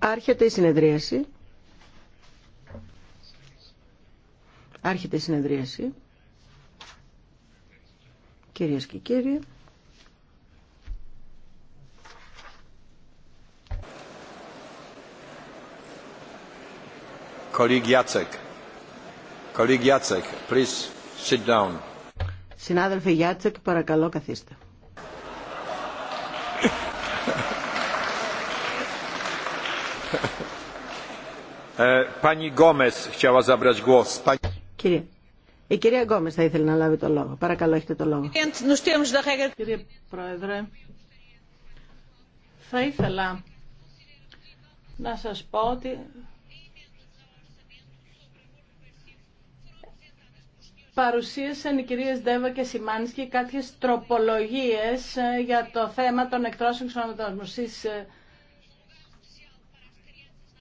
Άρχεται η συνεδρίαση. Άρχεται η συνεδρίαση. Κυρίες και κύριοι. Κολίγ Συνάδελφε Γιάτσεκ, παρακαλώ καθίστε. Ε, η κυρία Γκόμες θα ήθελε να λάβει το λόγο. Παρακαλώ, έχετε το λόγο. Κύριε Πρόεδρε, θα ήθελα να σας πω ότι παρουσίασαν οι κυρίε Ντέβα και Σιμάνσκι κάποιες τροπολογίες ε, για το θέμα των εκτρώσεων ξενοδοχείων. Ε,